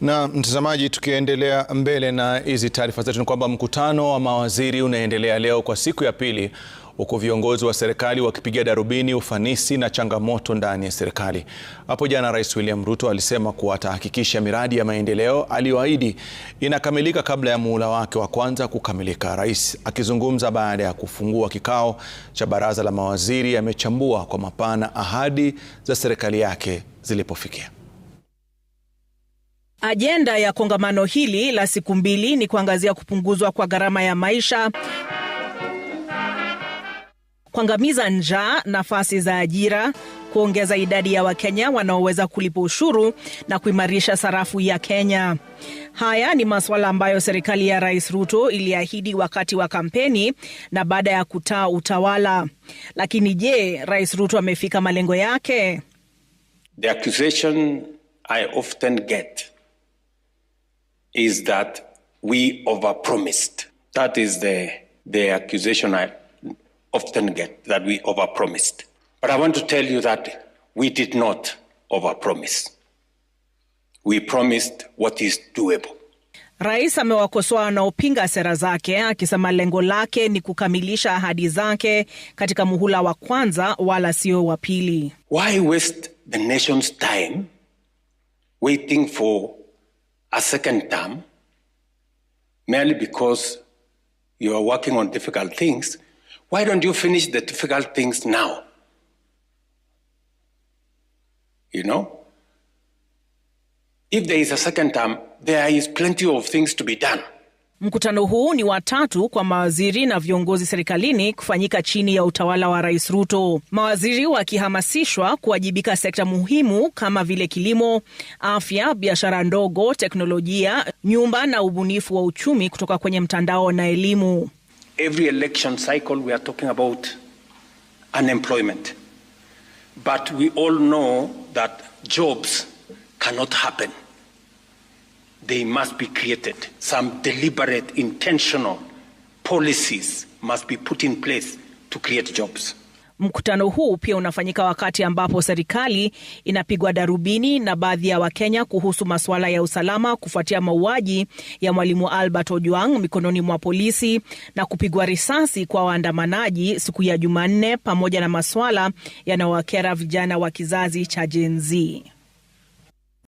Na mtazamaji, tukiendelea mbele na hizi taarifa zetu, ni kwamba mkutano wa mawaziri unaendelea leo kwa siku ya pili, huku viongozi wa serikali wakipiga darubini ufanisi na changamoto ndani ya serikali. Hapo jana Rais William Ruto alisema kuwa atahakikisha miradi ya maendeleo aliyoahidi inakamilika kabla ya muhula wake wa kwanza kukamilika. Rais akizungumza baada ya kufungua kikao cha baraza la mawaziri, amechambua kwa mapana ahadi za serikali yake zilipofikia. Ajenda ya kongamano hili la siku mbili ni kuangazia kupunguzwa kwa gharama ya maisha, kuangamiza njaa, nafasi za ajira, kuongeza idadi ya Wakenya wanaoweza kulipa ushuru na kuimarisha sarafu ya Kenya. Haya ni masuala ambayo serikali ya Rais Ruto iliahidi wakati wa kampeni na baada ya kutaa utawala. Lakini je, Rais Ruto amefika malengo yake? The accusation I often get is that we overpromised. That is the, the accusation I often get, that we overpromised. But I want to tell you that we did not overpromise. We promised what is doable. Rais amewakosoa wanaopinga sera zake akisema lengo lake ni kukamilisha ahadi zake katika muhula wa kwanza wala sio wa pili. Why waste the nation's time waiting for a second term merely because you are working on difficult things, why don't you finish the difficult things now? You know? If there is a second term, there is plenty of things to be done. Mkutano huu ni wa tatu kwa mawaziri na viongozi serikalini kufanyika chini ya utawala wa Rais Ruto, mawaziri wakihamasishwa kuwajibika sekta muhimu kama vile kilimo, afya, biashara ndogo, teknolojia, nyumba na ubunifu wa uchumi kutoka kwenye mtandao na elimu. Every election cycle we are talking about unemployment. But we all know that jobs cannot happen they must be created. Some deliberate, intentional policies must be put in place to create jobs. Mkutano huu pia unafanyika wakati ambapo serikali inapigwa darubini na baadhi ya Wakenya kuhusu masuala ya usalama kufuatia mauaji ya mwalimu Albert Ojwang mikononi mwa polisi na kupigwa risasi kwa waandamanaji siku ya Jumanne, pamoja na masuala yanayowakera vijana wa kizazi cha Gen Z.